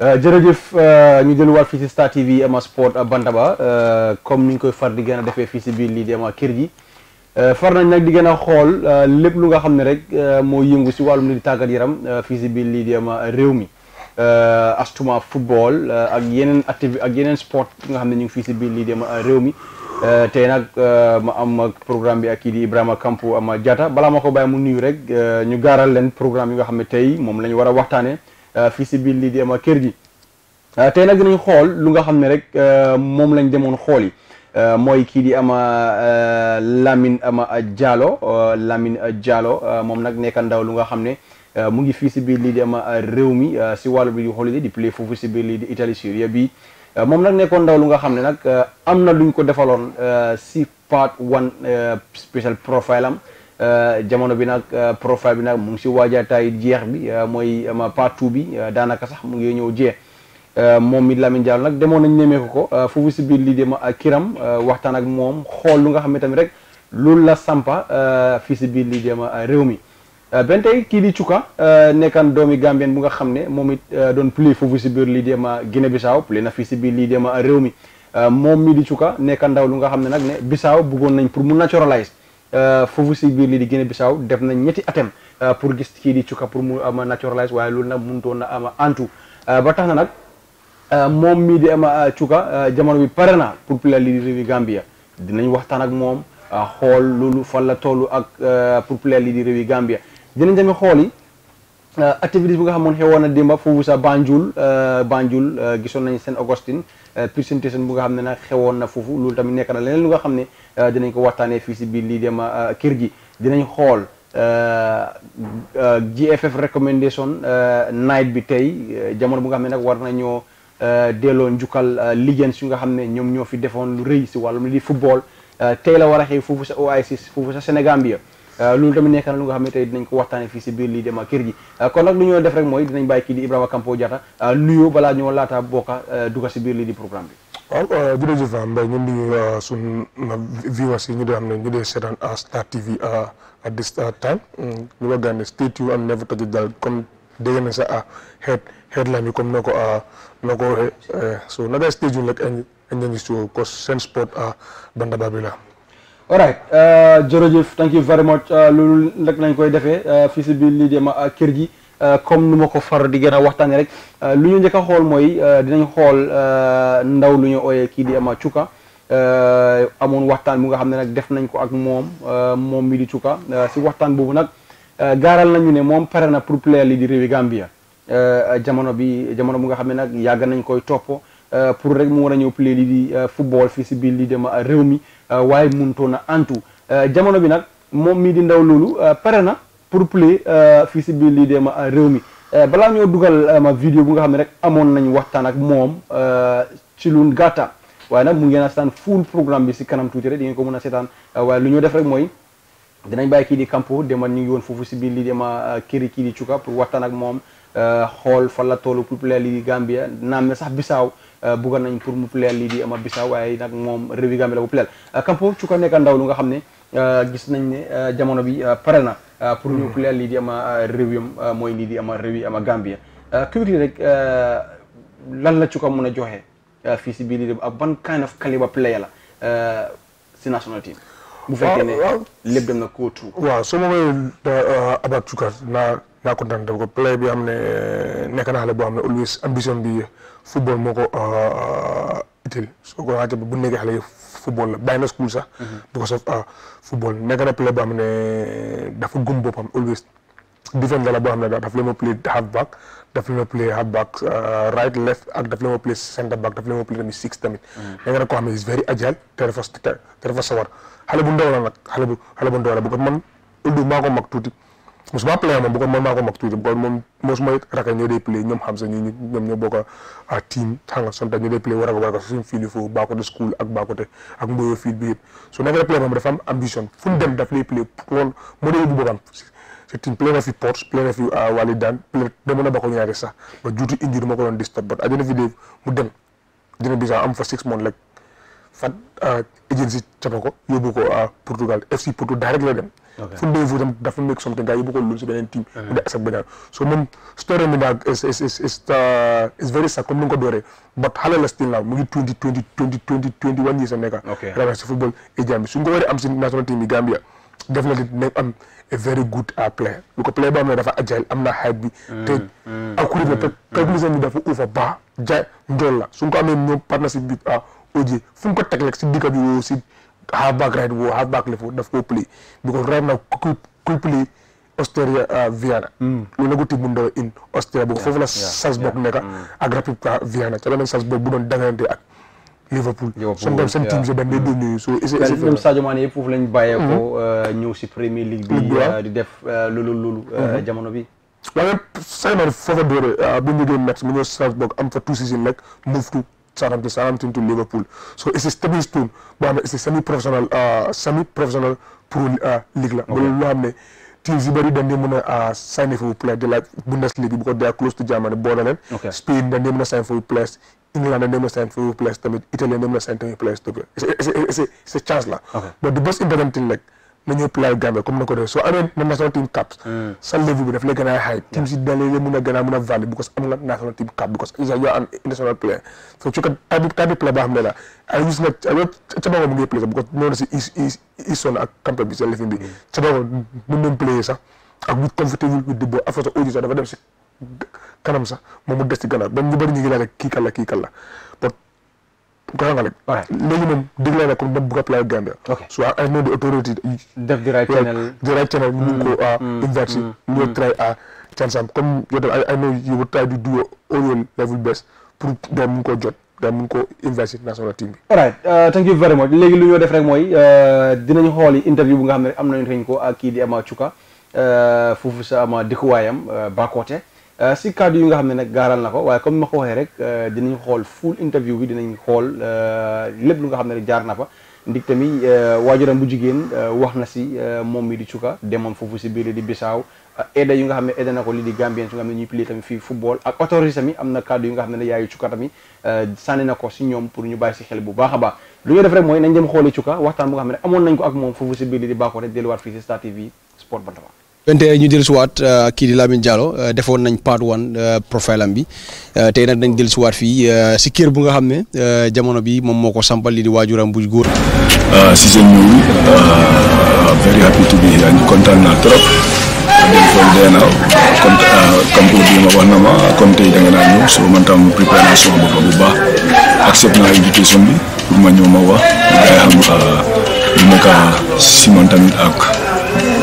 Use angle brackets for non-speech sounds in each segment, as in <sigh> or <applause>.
Euh, jërëjëf euh, ñu delluwaat fii ci Star TV Emma Sport euh, Bantaba comme ni koy far di gën a defee fii si biir lii di a kër gi far nañ nag di gën a xool lépp lu nga xam ne rek moo yëngu si wàllu li di tàggat yaram fii si biir lii di a réew mi astuma football ak yeneen activité ak yeneen sport nga xam ne ñu ngi fii si biir lii di réew mi tey nag ma am programme bi ak kii di Ibrahima Kampo Ama jata balaa ma ko bàyyi mu nuyu rek ñu gaaral leen programme yi nga xam ne tey moom la ñu war a waxtaanee. Euh, fii si biir lii di ama kër gi euh, tey nag dinañ xool lu nga xam ne rek euh, moom lañ demoon xool yi mooy kii di ama Lamin ama Jallow Lamin jaalo moom nag nekk ndaw lu nga xam ne mu ngi fii si biir lii di ama réew mi si wàllu bi di holiday di play foofu si biir lii di Italie Syria bi moom nag nekkoon ndaw lu nga xam ne nag am na lu luñ ko defaloon si part one special profile am Euh, jamono bi nag euh, profile bi nag mu ngi si waajataay jeex bi euh, mooy ma partout bi daanaka sax mu ngi ñëw jeex moom mi Lamine Diallo nag demoon nañ nemmeeku ko foofu si biir lii dem ak kiram waxtaan ak moom xool lu nga xam ne tamit rek loolu la sampa fii si biir lii dem réew mi. benn kii di Cuka nekkan doomi Gambien bu nga xam ne moom it doon play foofu si biir lii dem Guinée Bissau play na fii si biir lii dem réew mi moom mi di Cuka nekkan ndaw lu nga xam ne nag ne Bissau bëggoon nañ pour mu naturalise Euh, foofu si biir lii di Guinée Bissau def na ñetti atem euh, pour gis kii di Chuka pour mu ama euh, naturalise waaye loolu nag mënutoon na ama antu ba tax na nag moom mii di ama Chuka jamono bi pare na pour play lii di réewi Gambia dinañ waxtaan ak moom xool loolu fan la ak pour play lii di réewi Gambia dinañ tamit xool yi activité bi nga xamoon xewoon na démba foofu sa Banjul Banjul gisoon nañu Saint Augustine Euh, présentation bu nga xam ne nag xewoon na foofu loolu tamit nekk na leneen lu nga xam ne euh, dinañ ko waxtaanee fii si biir lii dem euh, kër gi dinañ xool GFF recommendation night bi tey jamono bu nga xam ne nag war nañoo delloo njukkal Lions yu nga xam ne ñoom ñoo fi defoon lu rëy si wàllum li di football tey la war a xew foofu sa OIC foofu sa Sénégambia Euh, loolu tamit nekk na lu nga xam ne tey dinañ ko waxtaane fii si biir lii dem ak kër gi euh, kon nag lu ñoo def rek mooy dinañ bàyyi kii di Ibrahima Kampo Diatta euh, nuyoo balaa ñoo laata bokka duga si biir lii di programme bi waaw jërëjëf ñu nuyu suñu viewers yi ñu dee xam ne ñu dee seetaan à Star TV at this time mm, ñu ko gànnee stay tuned and never touch daal comme dégg na a head headline yi comme noo ko noo ko waxee so naga stay tuned rek and and then you show cause seen sport a Bantaba la alright euh, jërëjëf thank you euh, loolu nag lañ koy defee euh, fii si biir lii de ma kër gi comme nu ma ko far di gën a waxtaanee rek lu ñu njëkk a xool mooy dinañ xool ndaw lu ñu ooyee kii di ama Chuka amoon waxtaan bu nga xam ne nag def nañ ko ak moom moom mi di Chuka si waxtaan boobu nag gaaral nañu ne moom pare na pour player lii di réewi Gambia jamono bi jamono bu nga xam ne nag yàgg nañ koy topp pour rek mu war a ñëw player lii di football fii si biir lii dem réew mi. Euh, waaye mënutoon a antu euh, jamono bi nag moom mii di ndaw loolu euh, pare na pour play fii si biir lii de ma réew mi bala ñoo dugal ma vidéo bu nga xam ne rek amoon nañ waxtaan ak moom ci lu gàtta waaye nag mu ngeen a saan full programme bi si kanam tuuti rek di ngeen ko mën a seetaan waaye lu ñu def rek mooy dinañ bàyyi kii di de dema ñu ngi woon foofu si biir lii de dema këri kii di cuka pour waxtaan ak moom xool fan la toolu populaire lii Gambia naam sax bisaaw Euh, buggoon nañ pour mu pleel lii di ama bisa waaye nag moom réewi Gambie la bu pleel Kampo euh, ci ko ndaw lu nga xam ne euh, gis nañ ne jamono bi pare na pour ñu mm. pleel lii di ama réew yam am lii di ama réewi ama Gambie quickly rek lan la ci ko mën a joxe fii si biir lii di ban kind of caliber player la si national team bu fekkee ne ah, lépp dem na koo tuur waaw soo moomee abat cukat naa naa kontaan daf bi am ne nekk na xale boo xam ne always ambition bi football moo ko euh, euh, utile soo ko waxee bu nekkee xale yi football la bàyyi na school sax. Mhm. because of euh, football nekk na play boo xam ne dafa gum boppam always. defender la boo xam ne daf leen ma play half back daf leen ma play half back right left ak daf leen ma play centre back daf leen ma play tamit six tamit. Mhm. nekk na koo xam ne is very agile te dafa te dafa bu ndaw la nag xale bu xale bu ndaw la bu ko man ëllëg maa ko mag tuuti. mosuma play moom bu ko man maa ko mag tuuti bu ko moom mosuma rakk ñoo dee ñoom sa ñu ñoom ñoo bokk a team xam nga sonta dee play war a war a suñu fiil foofu Bakoteh school ak Bakoteh ak mboyo fiil bi yëpp su nekkee play play loolu bu play na fi na fi euh, wàlli daan play ko ñaari sax ba juuti injure ma ko doon disturb but ajona fi dee mu dem dina bisa am fa six months rek fat euh, agency capa ko ko euh, Portugal FC Porto direct dem football tam dafa make something gars yi bu ko loolu si beneen team. bu dee accept beneen so moom story mi daal is is is is uh, is very sad comme ni nga ko dooree but xale la still now mu ngi twenty twenty twenty twenty twenty a si football et am si national team bi Gambia. definitely nekk am a very good uh, player lu ko player boo xam ne dafa agile am na hype mm, mm. bi. te akuri mm, bi calculation bi dafa ufa baax ja njool la su ko amee ñoom partnership bi ah uh, OJ ko teg si dikka bi woo si. half back right wo half back left wo daf koo play because right now ku kuy play Austria euh, Vienna. loolu hmm. la ko tibb ndaw in Austria boobu foofu la Salzburg nekk hmm. ak Rapid Vienna ca la nekk Salzburg bu doon dangante ak Liverpool. Liverpool seen team si dañ lay doon nuyu. soo essayé essayé ñoom Sadio Mané yëpp foofu lañ bàyyee ko hmm. euh, ñëw si Premier League bi euh, di def loolu loolu jamono bi. waaye mu ñëw Salzburg am fa two season nag move to Southampton, Southampton to Liverpool. So it's a stepping stone, but it's a semi-professional, uh, semi-professional pro league. Uh, la. Okay. Teams you bury them on uh, sign for players. They like Bundesliga because they close to Germany borderland. Okay. Spain, then they sign for players. England, then they sign for players. Italy, then they sign for players. It's a, it's a, it's a, it's a chance, la. Okay. But the most important thing, like. na ñëw play Gambia comme na ko def soo amee na national team cap sa level bi daf lay gën a high team si dalee lay mun a gën a because am nga national team cap because is a you are an international player so ci kat tabi tabi player boo xam ne mu ngi play sa lefin bi cabango hmm. mu doon comfortable with the ball affaire sa audio sax dafa dem si kanam sax moom mu des ci gannaaw ba ñu bëri ñu ngi laaj kii kan la kii kan xam nga rek. léegi moom digle na ko dem bu ko play Gambia. ok de autorité. def di right channel. di right channel ñu mm-hmm. ngi ko à. Mm-hmm. inverti mm-hmm. comme yow tam ay ay nom yu try di pour dem mu ko jot. daal mun ko investir national bi. alright uh, thank you very léegi lu ñoo def rek mooy uh, dinañu xooli interview bu nga xam ne am na ñu nañu ko ak kii di Ama Chuka uh, foofu sa ama baa Bakoteh. Euh, si kàddu yu nga xam ne nag gaaral na ko waaye comme ma ko waxee rek euh, dinañ xool full interview bi dinañ xool euh, lépp lu nga xam ne rek jaar na ko lii di Gambien su nga xam ne ñuy pili tamit fii football ak autorité tamit am na kàddu yu nga xam ne yaayu cuka tamit sànni na ko si ñoom pour ñu bàyyi si xel bu baax a baax lu ñu def rek mooy nañ dem xooli cuka waxtaan bu nga xam ne amoon nañ ko ak moom foofu si biir di Bakore delluwaat fii si Star 21 ñu dellusiwaat uh, kii di Lamine uh, defoon nañ part one uh, profile am bi tey nag nañ dellusiwaat fii si kër bu nga xam ne jamono bi moom moo ko sampal li di waajuram bu góor. si seen ñëw very happy to be here ñu dee ma wax na ma comme tey da naa ñëw soo man tam préparation boppam bu baax accept naa invitation bi pour ma ñëw ma wax nga xam lu si man tamit ak.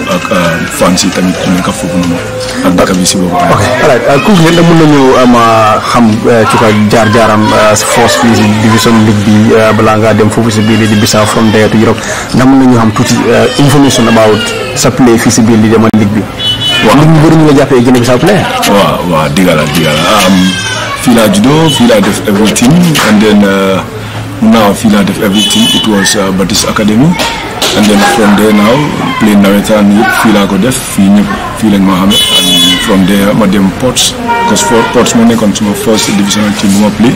ak euh, fans yi tamit ku nekk foofu noonu ak dëkk bi si boobu. ok alors Coach ngeen mën nañu euh, ma xam euh, ci jaar jaaram si force fii si division ligue bi balaa ngaa dem foofu si biir lii di Bissau from there to Europe ndax mën nañu xam tuuti information about sa fii si biir lii dama ligue bi. waaw ligue bi bëri ñu nga jàppee Guinée Bissau play. waaw waaw digga la digga la um, fii laa juddoo fii laa def everything and then. now Fila did everything. It was uh, Baptist Academy. And then from there now, play Nawetan, Fila Godef, Fila Mohammed. And from there, Madam Potts, because for Potts Money consumer first divisional team more play.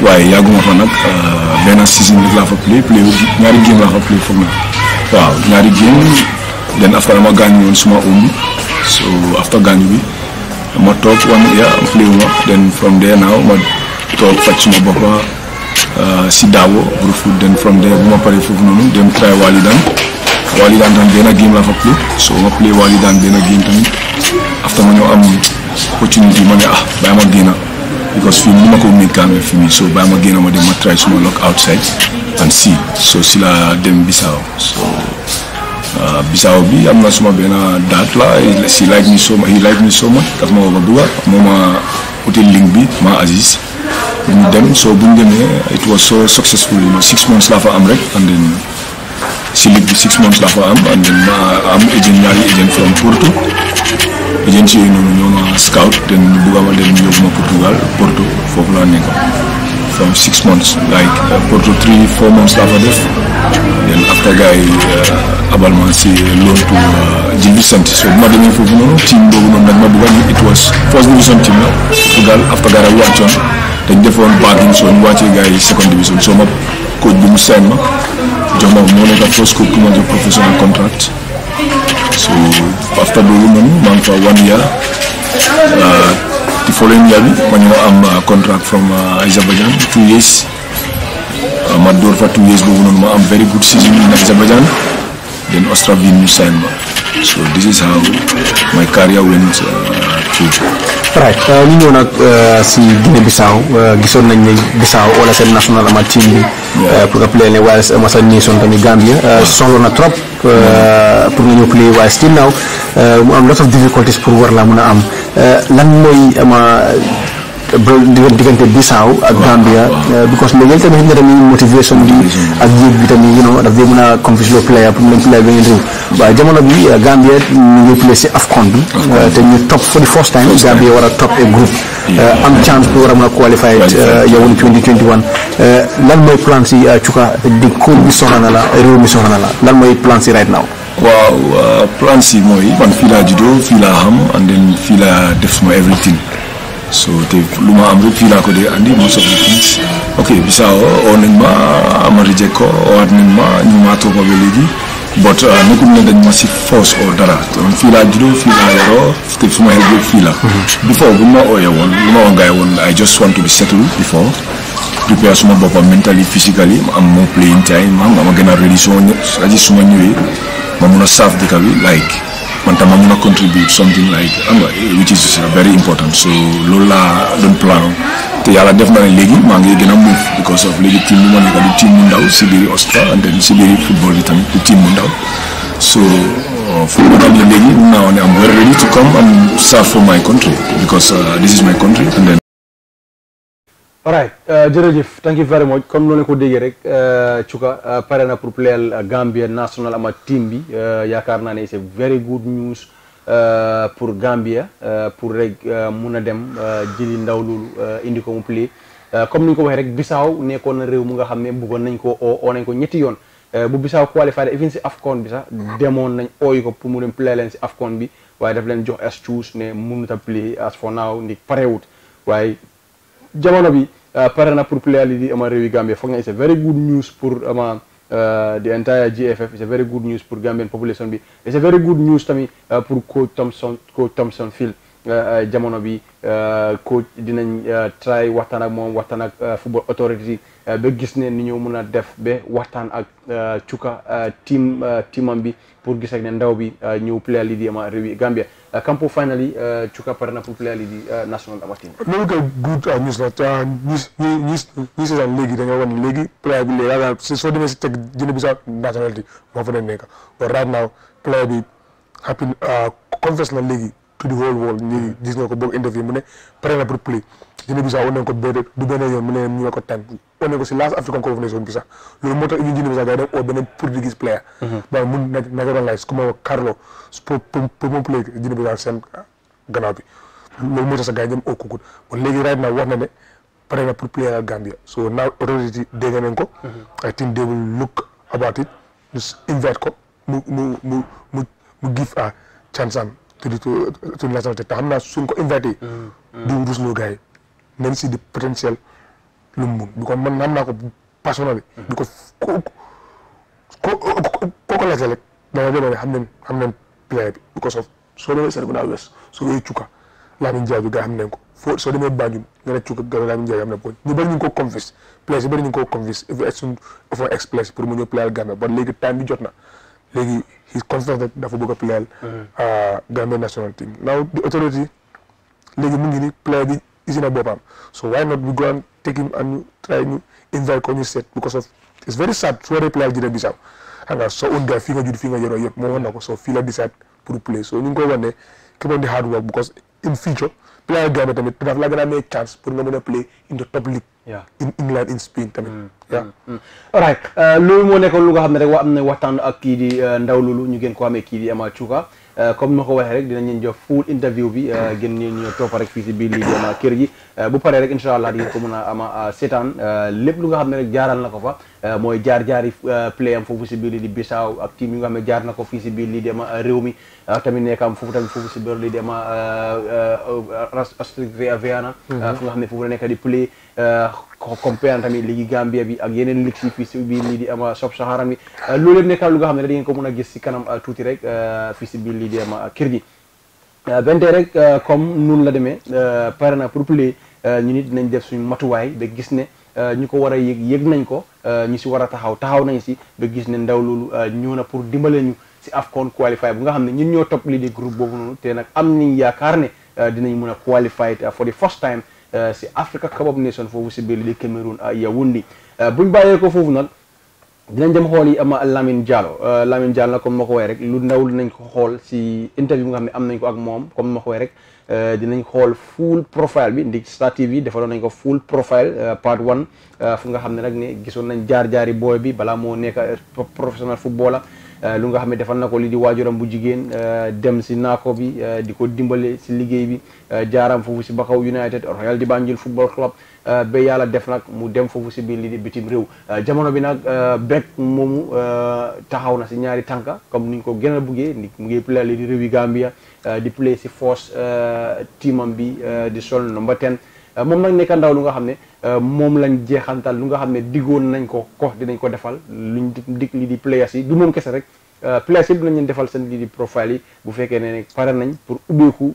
Why Yaguma Fanak, uh, Bena season with Lafa play, play Nari game Lafa play for me. Wow, Nari game. Then after I'm a Ganyu and Suma Um. So after Ganyu, I'm a top one year, I'm playing up. Then from there now, I'm a top Fachima Baba. Euh, Sidawo group food then from there bu ma paree foofu noonu dem try Walidan Walidan tamit benn game laa fa play so ma play Walidan benn game tamit after ma ñëw am opportunity ma ne ah bàyyi ma génna because fii nii ma ko miin Gambia fii nii so bàyyi ma génna ma dem ma try suma lock outside and see so si la dem Bissau so euh, Bissau bi am na suma benn daat la si like me so much he ma woo ba dugal moo ma link bi ma Aziz ñu dem so bu demee it was so successful six months laa fa am rek and then si ligue bi six months laa fa am and then ma am agent ñaari agent from Porto agent si yooyu noonu ñoo ma scout den bugga ma dem yóbbu ma Portugal Porto foofu laa nekkoon from six months like uh, Porto three four months laa fa def then after uh, abal ma si loolu to uh, Gil Vicente so bu ma demee foofu noonu team boobu noonu nag ma bugga ñu it was Portugal after gars yi dañ defoon baatin soo ñu wàccee gars yi seconde division soo ma coach bi mu seen ma jox ma moo nekk first coach pour ma jox professional contract so after boobu noonu maa ngi fa one year di uh, following year bi ma ñoo am uh, contract from uh, Azerbaijan two years ma door fa two years boobu noonu ma am very good season in Azerbaijan then Australia ñu sign ma so this is how my career went through strike. Euh, ñu ñëw nag euh, si Guinée Bissau euh, gisoon nañ ne Bissau wala seen national ama team bi. pour nga play ne waaye Massa Nation tamit Gambia soxla na trop. Mm. pour nga ñëw play waaye still now mu am lot of difficulties pour war laa mën a am lan mooy ama. ba diggante Bissau ak Gambia euh, because loolu yëpp tamit xëy na tamit motivation bi ak yéeg bi tamit you know dee mën a convince le player pour nañ player beneen réew waaye jamono bi euh, Gambia ñu ngi play si AFCON bi euh, te ñu top for the first time Gambia war a top a group am chance pour war a mën a qualifier yow lan mooy plan si Chuka di kóol bi soxla na la réew mi soxla na la lan mooy plan si right now waaw plan si mooy man fii laa juddoo fii laa xam and then fii laa def suma everything so te lu ma am rek fii laa ko dee andi most of the things ok Bissau oo nañ ma Amady Diekko oowaat nañ ma ñu maa toppa ba léegi but ah, nekkul ne dañ ma si force oo dara donc fii laa juddoo fii laa yaroo te fu ma xel fii la mhm. before bu ma ooyee woon lu ma ongaay woon I just want to be settled before prepare suma boppam mentally physically ma am moo playing time ma xam nga ma gën a religion ñëpp cest su ma ñëwee ma mun a saaf dëkk bi like man tam am na contribute something like am nga which is very important so loolu laa doon plan te yàlla def na ne léegi maa ngi gën a move because of léegi team bu ma du team bu ndaw si bi Austria and then si biir football bi tamit du team bu ndaw so for what I'm leading now, I'm very ready to come and serve for my country because uh, this is my country. alright euh, jërëjëf thank you very comme noonu ko déggee rek euh, Chuka euh, pare na pour playal Gambia national ama team bi yaakaar naa ne c'est very good news pour Gambia pour rek mun a dem jëli ndaw loolu indi ko mu play comme ni ñu ko waxee rek Bissau nekkoon na réew mu nga xam ne bëggoon nañ ko oo oo nañ ko ñetti yoon bu Bissau qualifié even si Afcon bi sax demoon nañ ooyu ko pour mu dem play leen si Afcon bi waaye daf leen jox excuse ne mënut a play as for now ndi parewut waaye jamono bi euh, pare na pour player lii di ama réewi Gambia foog na it's a very good news pour ama euh, euh, the entire GFF it's a very good news pour Gambian population bi it's a very good news tamit pour coach Thompson coach Thompson Field jamono bi coach dinañ try waxtaan ak moom waxtaan ak football authority ba gis ne ni ñoo mun a def ba waxtaan ak cuka team teamam bi pour gis ak ndaw bi ñëw player lii di ama kampo euh, finally uh, tukaparana popularly the uh, national amatin no ga good uh, news la news news news la legi da nga won legi player bi legi la so so dem ci bi sa nationality mo fa nekk but right now player bi happy uh, confess na legi to the whole world ñi gis nga ko boog interview mu ne pare na play jëne bi sa won ko bëre du benn yoon mu ne ñu ko tànk on est aussi last African Conference on bisa loolu moo tax Union Guinée Bissau dem au beneen Portuguese player mhm. ba mun naturalize ku ma Carlo pour pour mu play seen gannaaw bi loolu moo tax sa gars yi pare na pour player ak so now authority dégg nañ ko mhm. I think they will look about it ñu invite ko mu mu mu mu mu give a chance am to the to the nationalité te naa sun ko invité du rusloo gars yi si di potentiel lu mu mun bi ko man am naa ko passionné bi. bi mm-hmm. ko ko ko ko ko laajte rek dana doon ne xam nañ xam nañ player bi bi ko soof soo demee Serekunda West soo demee Cuka Lamine Diaby bi gaa xam nañ ko foo soo demee Banjul nga ne Cuka gaa Lamine Diaby am na ko ñu bëri ñu ngi ko convince player si bëri ñu ngi ko convince il faut suñ il faut expliquer pour mu ñëw player Gambia ba léegi time bi jot na léegi he's confident that dafa bëgg a player mm-hmm. uh, Gambia national team now the authority léegi mu ngi ni player bi usine na boppam so why not we go and take him and ñu try ñu invite ko ñu seet because of it's very sad soo dee player Guinée Bissau xam nga soo un gars fii nga judd fii nga yoroo yëpp moo wan na ko so fii la koy wan ne keep on the hard work because in future player Gambia tamit daf la gën a may nga mën a play moo nekkoon lu nga xam ne rek wa am ne waxtaan ak kii di uh, ndaw loolu ñu gën ko amee kii di a Chuka Euh, comme ma ko waxee rek dinañ leen jox full interview bi gën ñu ñu topp rek fii si biir lii kër gi euh, bu pare rek incha allah di ko mën a ama euh, seetaan lépp lu nga xam ne jaaral na ko fa Euh, mooy jaar jaari euh, play am foofu si biir lii di Bissau ak team yi nga xam ne jaar na ko fii si biir lii di ama euh, réew mi tamit nekkam foofu tamit foofu si biir lii di ama Astrid Viana mhm. fu nga xam ne foofu la nekk di play compare tamit ligi Gambia bi ak yeneen lig si fii si biir lii di ama Sub Sahara bi loolu yëpp lu nga xam ne da ngeen ko mën a gis si kanam tuuti rek fii si biir lii di ama kër gi bente rek comme nun la demee pare na pour play ñu nit dinañ def suñu matuwaay ba gis ne Euh, ñi ko war a yëg yëg nañ ko euh, ñu si war a taxaw taxaw nañ si ba gis ne ndaw loolu euh, ñëw na pour dimbale ñu si AFCON qualify bu nga xam ne ñun ñoo topp lii di groupe boobu noonu te am nañ yaakaar ne dinañ mun a qualify for the first time si Africa Cup of Nations foofu si biir li di Cameroun Yaoundé buñ bàyyee ko foofu nag dinañ dem xool yi am Lamine Diallo Lamine Diallo nag comme ma ko waxee rek lu ndaw dinañ ko xool si interview bu xam ne am nañ ko ak moom comme ma ko waxee rek Euh, dinañ xool full profile bi ndik Star TV defaloon nañ ko full profile euh, part one euh, fu nga xam ne nag ne gisoon nañ jaar-jaari booy bi balaa moo nekk professionnel footballer lu nga xam ne defal na ko li di waajuram bu jigéen dem si naako bi di ko dimbale si liggéey bi jaaram foofu si Bakaw United Royal di Banjul Football Club Euh, ba yàlla def nag mu dem foofu si biir li di bitim réew euh, jamono bi nag euh, Brek moomu taxaw na si ñaari tànka comme ni ko gën a buggee mu ngi play lii di réewi a di play si force tiimam bi di sol number ten moom nag nekk ndaw lu nga xam ne moom lañ jeexantal lu nga xam ne diggoon nañ ko ko dinañ ko defal luñ dig li di players yi du moom kese rek players yi dinañ leen defal seen li di profile yi bu fekkee ne pare nañ pour ubbeeku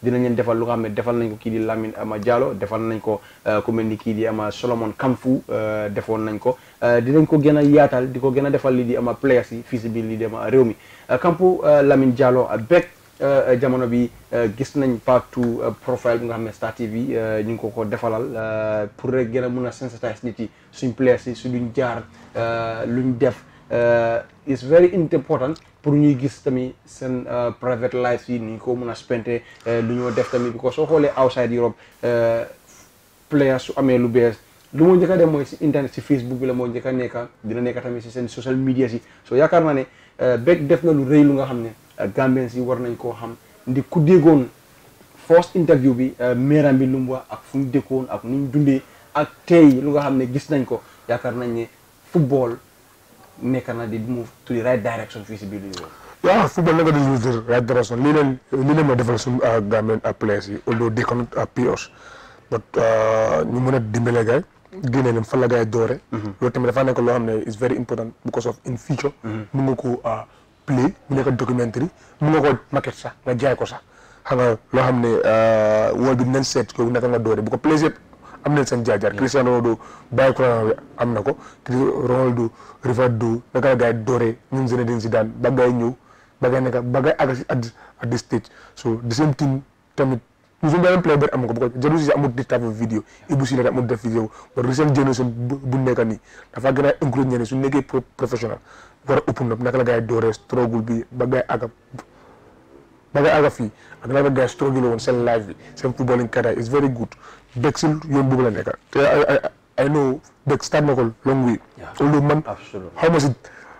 dina leen defal lu nga xam ne defal nañ ko kii di Lamine Ama Diallo defal nañ ko euh, ku mel ni kii di ama Solomon Kamfu euh, defoon nañ ko euh, dinañ ko gën a yaatal di ko gën a defal lii di ama players yi fii si biir li di ama réew mi Kampu Lamine Diallo beeg jamono bi gis nañ part two profile bi nga xam ne Star TV ñu ngi ko ko defalal pour rek gën a mun a sensitiser nit yi suñ players yi su duñ jaar luñ def is very important pour ñuy gis tamit seen euh, private life yi ni ñu ko mën a spente euh, lu ñoo def tamit because soo xoolee outside Europe euh, players su amee lu bees lu moo njëkk def mooy si internet si Facebook bi la moo njëkk a dina nekk tamit si seen social media si so yaakaar naa ne Brake def na lu rëy lu nga xam ne Gambien si war nañ koo xam ndi ku déggoon first interview bi meeram bi lu mu wax ak fu ñu dëkkoon ak nu ñu dundee ak tey lu nga xam ne gis nañ ko yaakaar nañ ne football nekk na di move to si biir réew waaw football naka di jouer right direction lii leen lii leen ma defal suñu ah, Gambian ah, mën a dimbale gaay génne leen fan la gaay doore mhm. loolu tamit dafa nekk loo xam ne is very important because of in future mhm. mun nga ko ah, play mu nekk documentary mun nga ko market sax nga jaay ko sax xam nga loo xam ne wol bi nañ seet ko naka nga doore bu ko plaisir am nañ seen jaajar mm. Cristiano Ronaldo bàyyi courant na ko Ronaldo Rivaldo naka la gars yi dooree ñun Zinedine Zidane ba gars yi ñëw ba gars yi nekk ba gars yi agg si at at this stage so the same thing tamit nous sommes beneen player bi am ko bu ko Jadot si amul di taf vidéo Ibou si amul def vidéo war recent génération bu nekk nii dafa gën a inclure ñeneen su nekkee professionnel war a open up naka la gars yi dooree struggle bi ba gars ba nga àgga fii ak la gars struggle woon seen live bi seen footballing career is very good Dexil yoon boobu la nekk te I know Dex start na ko long way. loolu man xaw ma si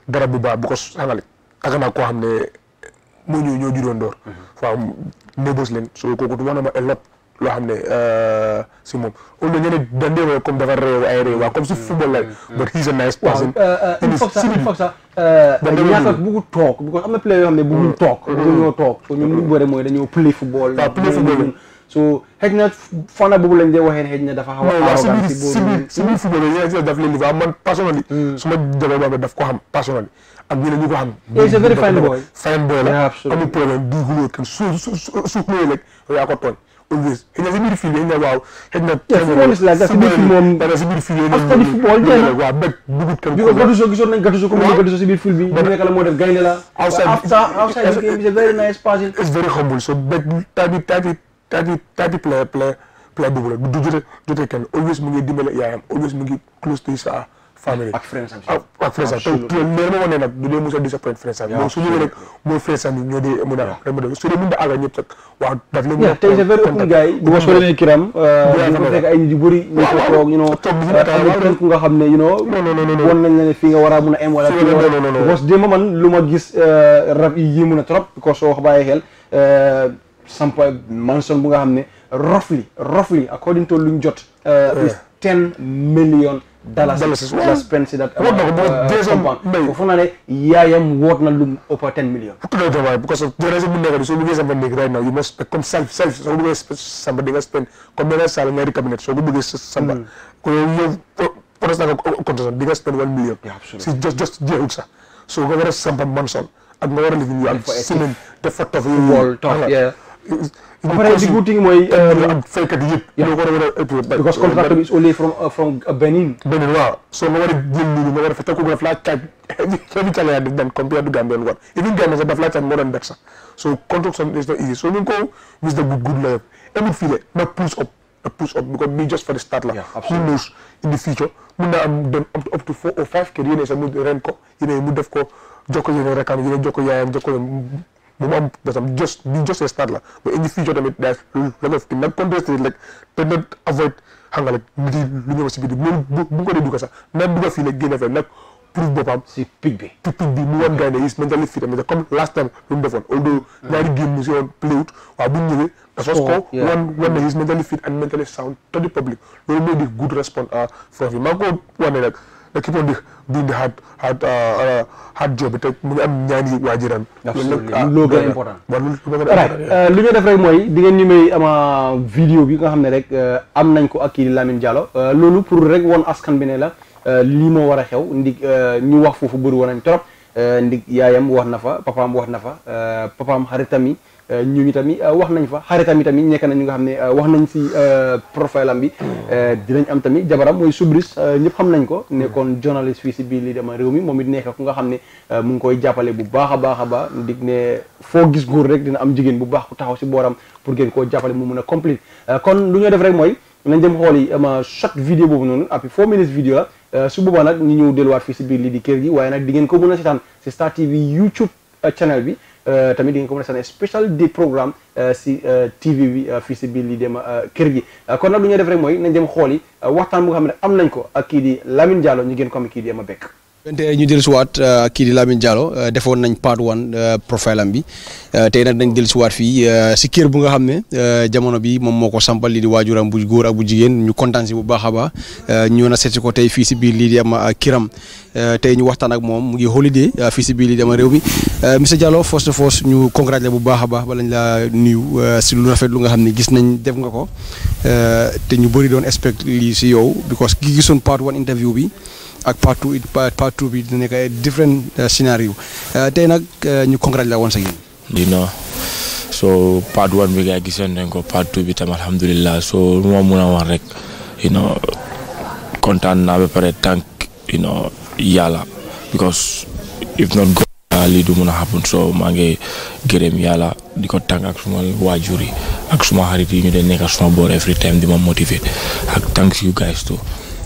dara bu baax bu ko sangalee. ak naa koo xam ne moo ñëw ñoo juróon door. waaw mm-hmm. neighbors leen so kooku du ma ne ma a loo xam ne si moom on dirait ne comme dafa réew ay réew waaw comme si football la. but he's a nice person. il faut que sax il faut que sax. Dande mooy ñaata bëggu toog because am waxee na dafa xaw a. arrogant si boobu noonu si biir si biir ko xam personnellement. ñu ne ñu ko xam. it's su su su xuloo yaa ko tooñ always ina si biir fii dañ ne waaw xëy na si biir fii moom si biir fii parce que di football jeex bi Gattuso biir fil bi mu nekk la moo def gaynde la outside outside game a very nice passing it's very humble so bëgg taati taati taati taati play play play boobu la du jote jote kenn always mu ngi dimbale yaayam always mu ngi close to sa family ak friends am ah, ak friends am te loolu moo ne nag du dee mos a disappoint friends am mooy su ñu rek mooy friends am ñoo dee mun a remodel su dee mun a àgg ñëpp sax waaw daf leen yeah tey c'est very open guy bu ma soolee kiram ñu euh, fekk ay nit yu bëri ñu ko toog you know am na tënk nga xam ne you know won nañ la ne fii nga war a mun a am wala because démb man lu ma gis euh, rab yi yéemu na trop because soo wax bàyyi xel euh, sampa manson bu nga xam ne roughly roughly according to luñ jot is ten million Dallas Dallas Pence that na ko ba Jason Bay foofu naa ne nga spend comme benn salle ñaari cabinet soo ko bëggee samba mm. ko yow poros naa ko contation di nga spend one million si just just jeexul sax soo nga war a samba man ak nga war a yu ak semaine def fa ba pare dig good thing mooy. Euh, faykat yëpp. yow war a war a ëpp. because contractor is only from uh, from uh, Benin. Benin waaw so nga war a jël loolu nga war a fa tegu daf laa caaj heavy challenge yaa def daan compare du Gambien quoi even Gambien sax daf laa caaj moo doon bet sax so construction is not easy so ñu ngi ko Mr Good Good la yëpp amul fii de na push up na push up because bii just for the start la. who knows in the future mun naa am dem up to four or five kër yéen a sax mu ren ko yéen a mu def ko jokko yéen a rakam yéen a jokko yaayam jokko moom am maanaam jos bi jos stade la ba indi fusion tamit daal la ko nag contesté rek te na avoid xam nga rek nit yi lu ñëw si biir loolu bu bu ko dee dugg sax na dugg fii nag génne fee nag prouve boppam si pic bi pic bi mu wan gaynde is mentally fit tamit comme last time lu mu defoon although hmm. ñaari game mu si woon play out waaw bu ñu ñëwee dasos ko wan wan na is mentally fit and mentally sound to the public loolu mooy di good response à ah, France bi maa ngi ko wane nag they keep on doing the hard hard uh, uh, hard job te mu ngi am ñaani waajiran loolu gën a ah, ah, important euh, li ñu def rek mooy di ngeen ñu may ama vidéo bi nga xam ne rek euh, am nañ ko ak kii di Lamine euh, loolu pour rek woon askan bi ne la lii moo war a xew ndig ñu wax foofu bëri woon nañ trop ndig yaayam wax na fa papaam wax na fa papaam xaritam yi ñooñu tamit euh, wax nañ fa xaritam yi tamit nekk na ñu nga xam ne euh, wax nañ si euh, profil am bi dinañ am tamit jabaram mooy Subris ñëpp xam nañ ko nekkoon journaliste fii si biir li dama réew mi moom it nekk ku nga xam ne mu ngi koy jàppale bu baax a baax a baax dig ne foo gis góor rek dina am jigéen bu baax ku taxaw si booram pour ngeen koo jàppale mu mun a complete kon lu ñoo def rek mooy nañ dem xool yi chaque shot vidéo boobu noonu après four minutes vidéo la su boobaa nag ñu ñëw delluwaat fi si biir lii di kër gi waaye nag di ngeen ko mën a seetaan si Star TV YouTube bi Euh, tamit di nga ko mën a seen spécial di programme euh, si euh, TV bi fii si biir li dem kër gi kon nag lu ñuy def mooy nañ dem xool yi waxtaan bu nga xam ne am nañ ko ak kii di Lamine Diallo ñu gën ko am kii di a bekk bente ñu dellusiwaat euh, kii di Lamine Diallo euh, defoon nañ part one euh, profile am bi tey nag dañ dellusiwaat fii si kër bu nga xam ne jamono bi moom moo ko sampal lii di waajuram bu góor bu jigéen ñu kontaan bu baax a baax ñu na seet ko tey fii si biir lii di am kiram tey ñu waxtaan ak moom mu ngi holiday fii si biir lii di am réew mi monsieur Diallo first of all ñu congratulé bu baax a baax bala ñu laa nuyu si lu rafet lu nga xam ne gis nañ def nga ko te ñu bëri doon expect lii si yow because ki gisoon part one interview bi. ak partout partout bi dina nekk ay different uh, scénario uh, tey nag uh, ñu congratulate la woon sa yéen. so part one bi nga gisoon nañ ko part two bi tam alhamdulillah so lu ma mun a wax rek you know kontaan naa ba pare tànk you know yàlla because if not God ah, lii du mun a happen so maa ngi gërëm yàlla di ko tànk ak suma waajur yi ak suma xarit yi ñu dee nekk ak suma boor every time di ma motivate ak thank you guys too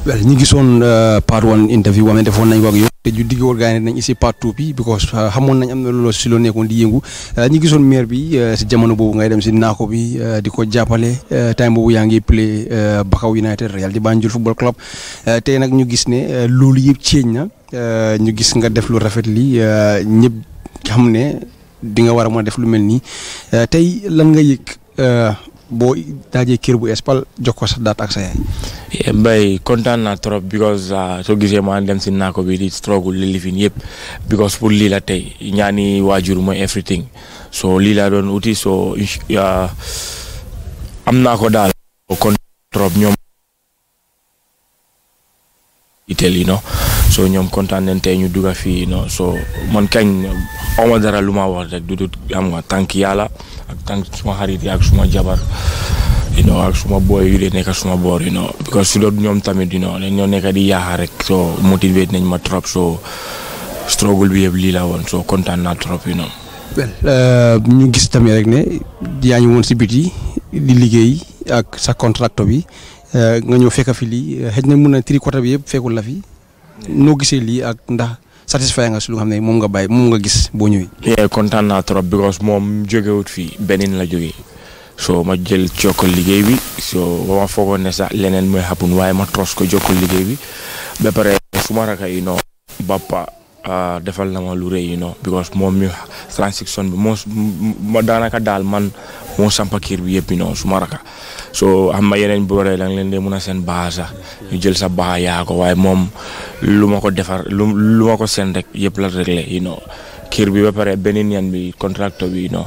well ñu gisoon euh, part one interview waame defoon nañ ko ak yow te ñu diggoon gaa yi ne nañ isi part two bi because euh, xamoon nañ am na loolu si loo nekkoon di yëngu euh, ñu gisoon maire bi si jamono boobu ngay dem si naako bi di ko jàppale time boobu yaa ngi play Bakaw United Real di Banjul Football Club tey nag ñu gis ne loolu yëpp ceeñ na ñu gis nga def lu rafet li ñëpp xam ne di nga war a mën def lu mel nii tey lan nga yëg bo daajee kër bu espal jox ko sa daat ak sa eh, bay kontaan naa trop because ah, soo gisee maa dem si naako bi yëpp because pour lii la tey ñaani waajur mooy everything so lii laa doon uti so ah, am naa ko daal trop ñoom. itteel yi non so ñoom kontaan ñu dugg fii soo man kañ awma dara lu ma wax yàlla ak tànk suma xarit suma jabar suma booy yu dee suma boor you know because su nekk di rek soo motivé nañ ma trop lii soo kontaan naa trop you know. Uh, ñu gis tamit rek ne yaa ngi woon si biti di liggéey ak sa contracto bi. Euh, nga ñëw fekk fi lii euh, xëj na mun na tricoté bi yëpp fekkul la fi noo gisee lii ak ndax satisfait nga si lu nga xam ne moom nga bàyyi moom nga gis boo ñëwee. yee kontaan naa trop because moom jógewut fii beneen la jógee soo ma jël jokkal liggéey bi soo ma foogoon ne sax leneen mooy xapun waaye ma tros ko jokk liggéey bi ba pare su ma yi noo bappa ah, defal na ma lu rëy yi noo because moom mi transaction bi moo daanaka daal man moo samp kër bi yëpp non su ma raka soo am ma yeneen boore da leen dee mun a seen baax sax ñu jël sa baax yaa ko waaye moom lu ma ko defar lu lu ma ko seen rek yëpp la réglé non bi ba pare beneen yan bi contracteur bi non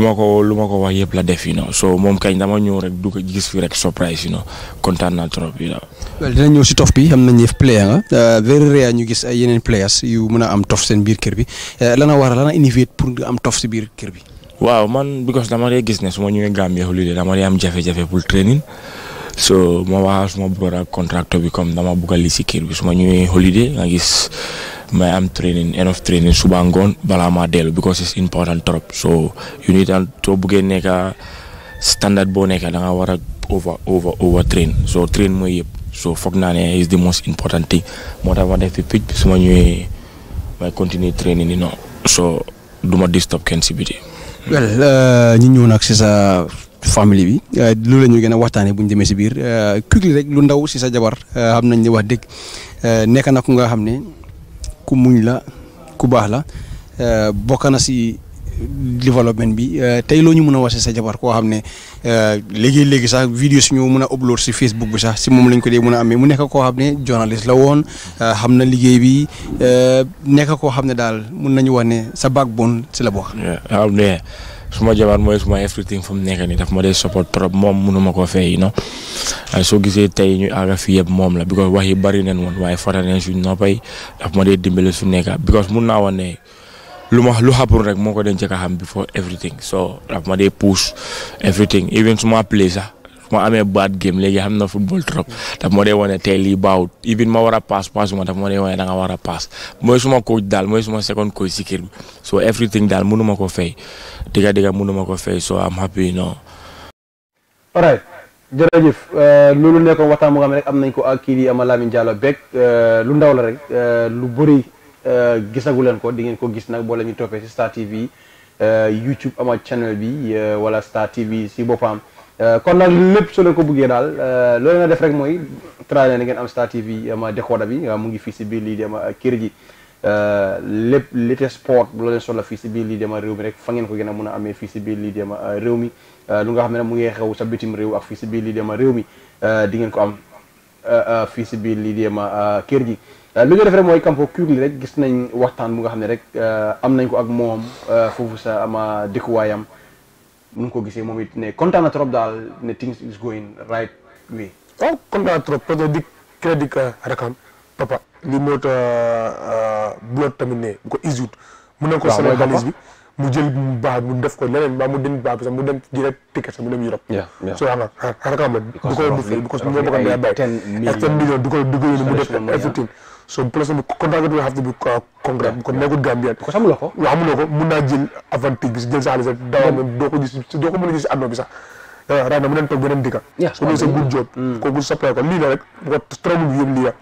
ma ko lu ma ko wax yëpp la def yi non soo moom kañ dama ñëw rek du ko gis fi rek surprise yi non kontaan naa trop yi non. well ñëw si tof bi am nañu player nga ah. euh, very rare ñu gis ay yeneen players yu mën a am tof seen biir kër bi euh, lan a waral lan pour nga am tof si biir kër bi. waaw man because dama dee gis ne su ma ñëwee Gambie holiday dama dee am jafe-jafe pour training so ma wax suma broda contractor bi comme dama bugg a si kër bi su ma ñëwee holiday nga gis may am training enough training balaa maa dellu because it's important trop so you need an soo buggee nekka standard boo nekka da war a over over over yëpp so foog naa ne moo tax ma def fi picc su ma ñëwee may continuer training yi du ma disturb kenn si biti wel euh, ñu ñëw nag si sa famille bi euh, loolu la ñu gën a waxtaanee bu ñu demee si biir euh, Kukli rek lu ndaw si sa jabar xam nañ ne wax dëgg nekk na ku nga xam ne ku muñ la ku baax la bokk na si. développement bi euh, tey loo ñu mën a wase sa jabar koo xam ne euh, léegi léegi sax su suñu mën a upload si Facebook bi sax si moom lañ ko dee mën a amee mu nekk koo la woon euh, xam na liggéey bi nekk koo xam ne daal mun nañu wax ne sa backbone si la bokk. waaw mais suma jabar mooy suma everything fu mu nekk ni daf ma dee support trop moom mënuma koo fay no soo gisee tey ñu àgga fi moom la because wax yi bari nañ woon waaye faral nañ suñ noppay daf ma dee dimbale su nekk because mun naa woon ne lu ma lu happen rek moo ko den njëkk a xam before everything so daf ma dee push everything even su ma sax ma amee bad game léegi xam na football trop daf ma dee wane tey lii baawut even ma war a pass pass ma daf ma dee wane da nga war a pass mooy suma coach daal mooy suma second coach si kër bi so everything daal mënu ma ko fay digga digga mënu ma ko fay so am happy non. alright jërëjëf euh, loolu nekkoon waxtaan mu xam am nañ ko ak kii di Ama euh, lu ndaw la rek euh, lu Euh, gisagu leen ko dingeen ko gis nag boo la ñu toppee si Star TV euh, YouTube ama channel bi euh, wala Star TV si boppam. kon nag lépp soo leen ko buggee daal loolu nga def rek mooy try leen ngeen am Star TV ama décoda bi mu ngi fii si biir lii di ama kër gi. lépp latest sport bu la fii si biir lii dema réew mi rek fa ngeen ko gën a a amee fii si biir lii dema réew lu nga xam ne nag mu xew sa bitim réew ak fii si biir lii dema réew mi di ngeen ko am fii si biir lii dema kër gi li ñu def rek mooy Kampo Curli rek gis nañ waxtaan bu nga xam ne rek am nañ ko ak moom foofu sa ama dëkkuwaayam nu ko gisee moom it ne kontaan trop daal ne things is going right way. waaw kontaan na trop parce que di crédit rakam papa li moo tax blood tamit ne bu ko isut mun na ko sama xaalis bi mu jël mu mu def ko leneen ba mu dem baax sax mu dem direct ticket sax mu dem Europe. so xam nga xam nga du ko du fii parce que moo bëgg a bàyyi. ten million du ko du ko yónni mu def effectivement so place bi contrat bi have to be uh, ko xamuloo ko waaw xamuloo ko mun naa jël avantage bi jël sa xaalis daaw même doo ko gis doo ko mën a gis àndoo bi sax eh, raad na mu neen toog beneen dëkka so loolu c'est good job mm. kooku soppee ko lii la rek bu ko trouble lii la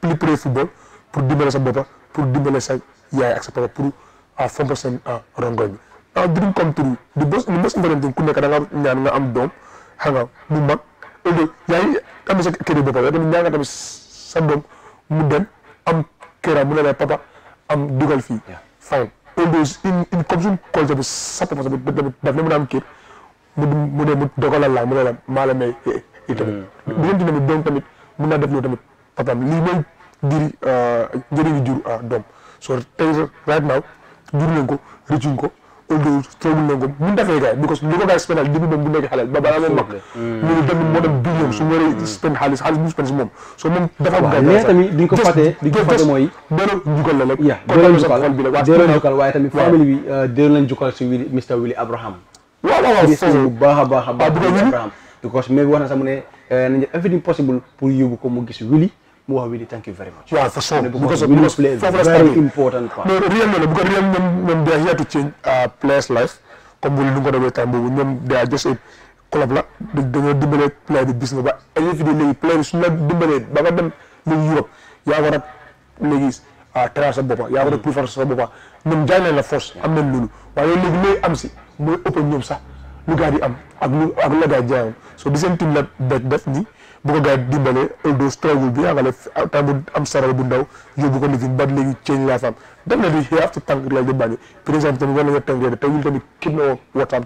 plus près football pour dimbale sa boppa pour dimbale sa yaay ak sa papa pour à cent pour cent rongoñ bi ah dream come true the best the most important thing ku nekk da nga ñaan nga am doom xam nga mu mag ëllëg yaa am sa kër boppa waaye tamit sa mu dem am këram mu ne la papa am dugal fi fine Oldoos in in comme suñu colté bu sappo parce que daf ne mën a am kër mu mu ne mu dogalal laay mu ne la maa la may itamit. Eh, na eh, tamit mm, mm. doom tamit mën naa def loolu tamit papaam lii mooy diri njëriñu euh, jur euh, doom so tey right now jur nañ ko rëccuñ ko. although struggle nañ ko bu ñu defee gars because li ko gars spend xaalis depuis moom bu nekk xale ba balaa moom mag loolu mm-hmm. tamit moo dem billion su waree spend xaalis xaalis bu mu spend si moom so moom dafa gars mais tamit duñ ko fàttee duñ ko fàtte mooy delloo jukkal la rek yeah delloo jukkal bi la delloo jukkal waaye tamit famille bi delloo euh, nañ jukkal si Willy Mr Willy Abraham waaw waaw waaw bu baax a baax a baax ah, Abraham because mais bi wax na sax mu ne nañ euh, def everything possible pour yóbbu ko mu gis Willy Muha, really thank you very much. Yeah, for sure. Because, because Muha's play is very, very important part. No, real no, because real when, when they are here to change uh, players' life, comme we look at the time, but they are just a club la, they don't dominate play the business. But if they play, players not dominate. But them in Europe, you have got yaa war a ah, hmm. préférer sa boppa ñoom jaay nañ la force am nañ loolu waaye léegi lay am si mooy ëpp ñoom sax lu gaa di am ak lu ak la gaa jaayoon so di seen team la def ni bu ko gars yi dimbale bi àngale tam am saral bu ko living ba léegi change la fam definitely he have to thank Elijah Barney président te te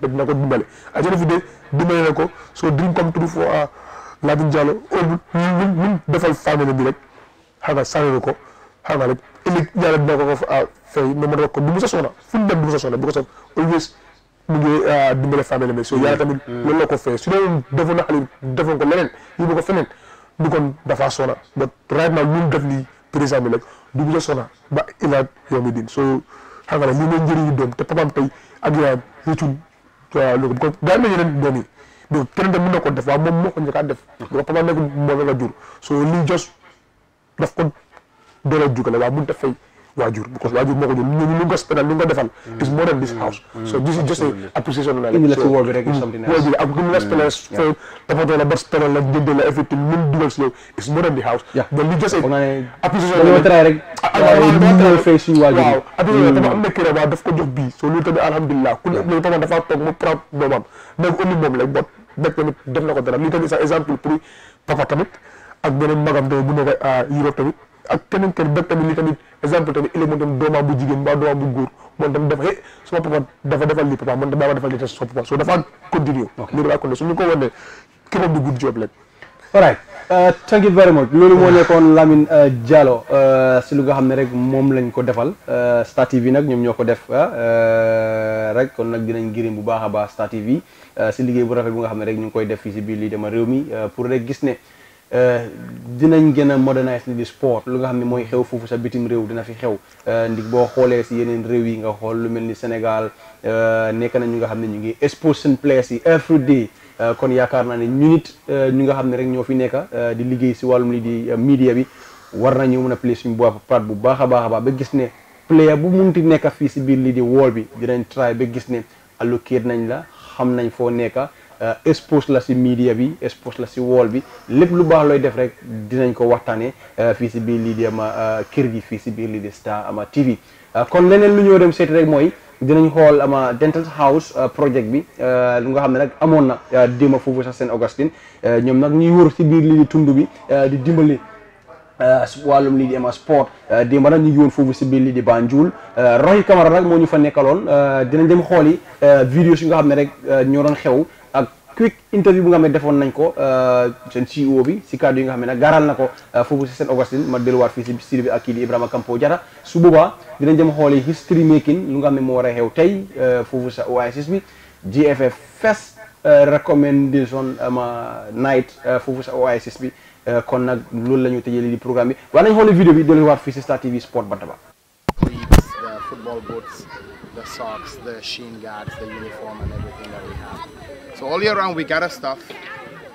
dina ko dimbale at the end of the day ko so dream come true for Lamin Jallow mun rek xam nga sànni ko xam nga rek ëllëg yàlla dina ko uh, ko fay ma mën ko du mu sa soxla fu mu dem du mu sa soxla because of always mu ngi euh, dimbale famille bi so yàlla tamit mm. loolu la ko fee su doon defoon na xale defoon ko leneen yóbbu ko feneen du kon dafa sona but right now ñun def nii président bi nag du bu sona ba ilaat yow mi din so xam nga ne lii mooy njëriñu doom te papaam tey ak yaayam rëccul waaw loolu kon gaa na yeneen doom yi donc keneen tam mën na ko def waaw moom moo ko njëkk a def donc papaam nekk moo la jur so lii jos daf ko doole jugale waaw mun ta fay waajur because waajur moo ko jël ñu ñu ko spendal ñu ko defal mm. is more than this house mm. so this is just a appreciation la indi la ci wóor bi rek mm, something else ak ñu la spendal fa dafa la bar spendal la jënd la effective ñu dugal si yow is more than the house but li just a appreciation la ñu tray rek ñu ñu fay suñu waajur waaw aduna tam am na kër waaw daf ko jox bii so loolu tamit alhamdulilah ku nekk tam dafa toog mu proud doomam donc ëndi moom la bot def tamit def na ko dara lii tamit sa exemple pour papa tamit ak beneen magam tamit bu nekk ah, Europe tamit ak keneen keneen bépp tamit li tamit exemple tamit il est moom tamit doomam bu jigéen mbaa doomam bu góor moom tamit dafa eh sama papa dafa defal lii papa man de dafa defal lii te sama papa soo dafa continuer. ok lii dafa continuer su ko wane képp du gudd job leen. alright uh, thank you very much loolu moo nekkoon Lamin Jallow uh, uh, si lu nga xam ne rek moom lañ ko defal Star TV nag ñoom ñoo ko def ah, rek kon nag dinañ gërëm bu baax a baax Star TV si liggéey bu rafet bu nga xam ne rek ñu ngi koy def fii si biir lii dama réew mi pour rek gis ne. Euh, dinañ gën a moderniser di sport lu nga xam ne mooy xew foofu sa bitim réew dina fi xew euh, ndig boo xoolee si yeneen réew yi nga xool lu mel ni Sénégal euh, nekk nañ ñu nga xam ne ñu ngi expose seen place yi every day kon yaakaar naa ne ñu nit ñu nga xam ne rek ñoo fi nekk di liggéey si wàllum li di bi war nañu mën a play suñu bopp part bu baax a baax a baax ba gis ne player bu munti nekk fii si biir lii di wall bi dinañ try ba gis ne allocate nañ la xam nañ foo nekka Euh, expose la si media bi expose la si wool bi lépp lu baax looy def rek dinañ ko waxtaanee euh, fii si biir lii di ama euh, kër gi fii si biir lii di Star ama TV kon leneen lu ñoo dem seeti rek mooy dinañ xool ama dental house project bi lu nga xam ne rek amoon na démb foofu sax Saint Augustine ñoom nag ñuy wër si biir lii di tund bi di dimbali. wàllum lii di ama sport démb nag ñu ngi woon foofu si biir lii di Banjul Rohey Camara nag moo ñu fa nekkaloon dinañ dem xooli vidéo yi nga xam ne rek ñoo xew quick interview bu nga xam ne defoon nañ ko euh, seen CEO bi si kàddu yi nga xam ne nag gaaral na ko euh, foofu si Saint Augustine ma delluwaat fii si studio bi ak kii a Ibrahima Kampo Jata su boobaa dinañ dem xooli history making lu nga xam ne moo war a xew tey euh, foofu sa Oasis bi GFF first recommendation ma night foofu sa sis bi kon nag loolu lañu ñu tëjee lii di programme bi waaye nañ xooli vidéo bi delluwaat fii si Star TV Sport Bantaba. football boots the socks the shin So all year round we gather stuff,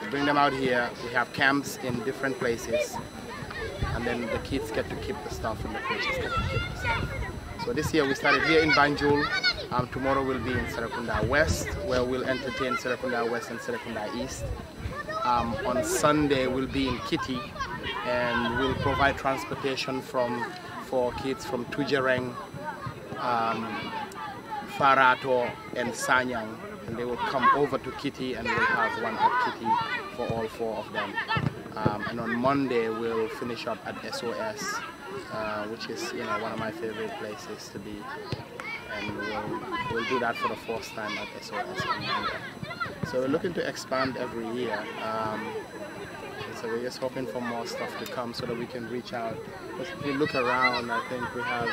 we bring them out here, we have camps in different places, and then the kids get to keep the stuff and the coaches get to keep the stuff. So this year we started here in Banjul, um, tomorrow we'll be in Serakunda West, where we'll entertain Serakunda West and Serakunda East. Um, on Sunday we'll be in Kitty, and we'll provide transportation from for kids from Tujereng, um, Farato, and Sanyang and they will come over to Kitty and we'll have one at Kitty for all four of them. Um, and on Monday we'll finish up at SOS, uh, which is you know one of my favorite places to be, and we'll, we'll do that for the fourth time at SOS on Monday. So we're looking to expand every year. Um, so we're just hoping for more stuff to come so that we can reach out. If we look around, I think we have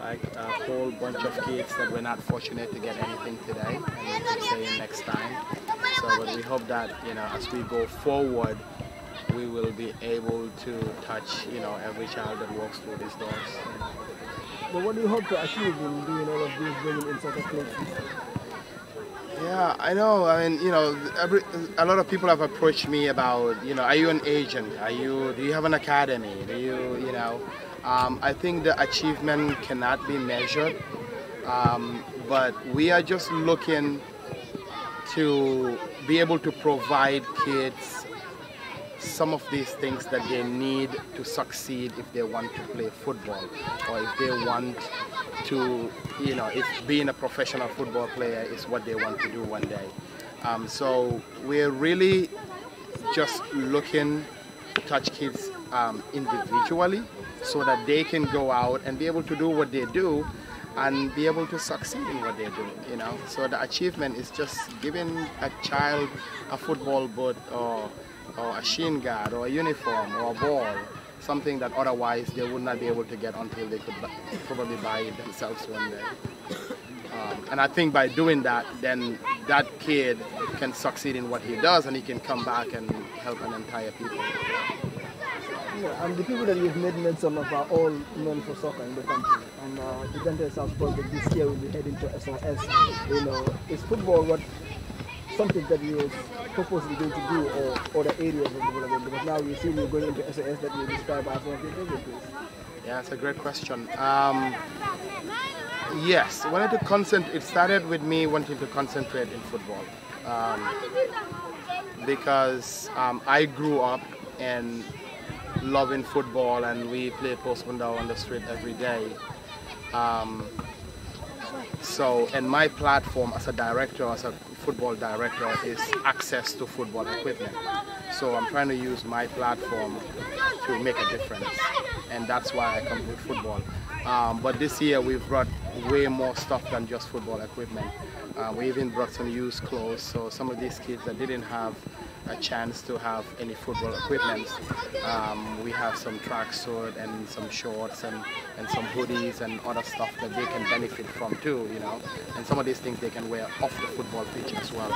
like a whole bunch of kids that were not fortunate to get anything today and we saying next time. So but we hope that, you know, as we go forward, we will be able to touch, you know, every child that walks through these doors. But what do you hope to achieve in doing all of these bringing in such a place? Yeah, I know. I mean, you know, every, a lot of people have approached me about, you know, are you an agent? Are you? Do you have an academy? Do you, you know? Um, I think the achievement cannot be measured, um, but we are just looking to be able to provide kids some of these things that they need to succeed if they want to play football or if they want to, you know, if being a professional football player is what they want to do one day. Um, so we're really just looking to touch kids um, individually so that they can go out and be able to do what they do and be able to succeed in what they do, you know. So the achievement is just giving a child a football boot or, or a shin guard or a uniform or a ball, something that otherwise they would not be able to get until they could probably buy it themselves one day. Um, and I think by doing that, then that kid can succeed in what he does and he can come back and help an entire people. Yeah, and the people that you've made mention of are all known for soccer in the country. And uh, the Dante South project this year will be heading to SOS. You know, is football what something that you purposely going to do or other areas of development? Because now you see we're going into SOS that you describe as one of your favorite places. Yeah, it's a great question. Um, yes, when I concentrate, it started with me wanting to concentrate in football. Um, because um, I grew up in loving football and we play postbundao on the street every day. Um, and my platform as a director, as a football director, is access to football equipment. So I'm trying to use my platform to make a difference, and that's why I come with football. Um, but this year we've brought way than football equipment. Uh, we even brought some used clothes, some of these kids that didn't have a chance to have any football equipment. Um, we have some tracksuit and some shorts and, and some hoodies and other stuff that they can benefit from too, you know. And some of these things they can wear off the football pitch as well.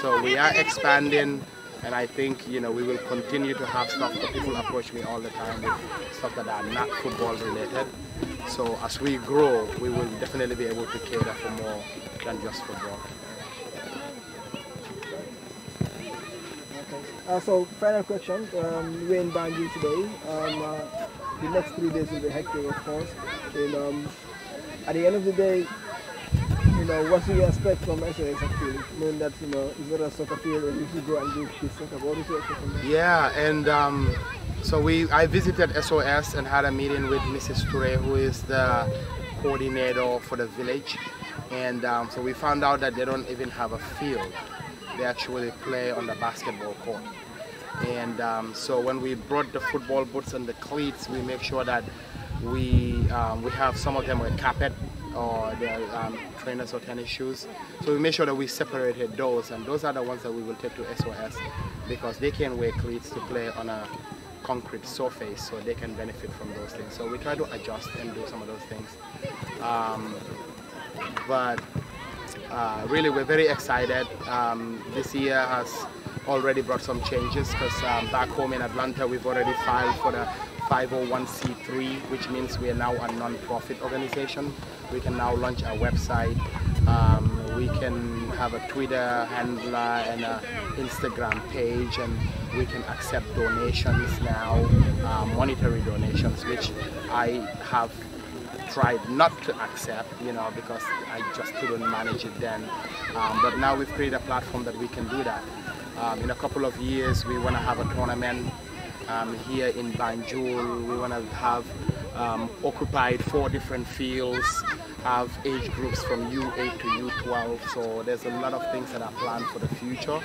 So we are expanding and I think, you know, we will continue to have stuff that people approach me all the time with stuff that are not football related. So as we grow, we will definitely be able to cater for more than just football. Uh, so final question, um, Wayne Bangi today, um, uh, the next three days will be hectic of course, and um, at the end of the day, you know, what do you expect from SOS actually, knowing that, you know, it's not a soccer field and you should go and do this soccer, what do you expect from that? Yeah, and um, so we, I visited SOS and had a meeting with Mrs. Toure, who is the coordinator for the village, and um, so we found out that they don't even have a field. they actually play on the basketball court. And um, so when we brought the football boots and the cleats, we make sure that we um, we have some of them with carpet or their um, trainers or tennis shoes. So we make sure that we separated those, and those are the ones that we will take to SOS because they can wear cleats to play on a concrete surface, so they can benefit from those things. So we try to adjust and do some of those things. Um, but Uh, really, we're very excited. Um, this year has already brought some changes because um, back home in Atlanta, we've already filed for the 501c3, which means we are now a non-profit organization. We can now launch our website. Um, we can have a Twitter handler and an Instagram page, and we can accept donations now, uh, monetary donations, which I have tried not to accept, you know, because I just couldn't manage it then. Um, but now we've created a platform that we can do that. Um, in a couple of years, we want to have a tournament um, here in Banjul. We want to have um, occupied four different fields, have age groups from U8 to U12. So there's a lot of things that are planned for the future.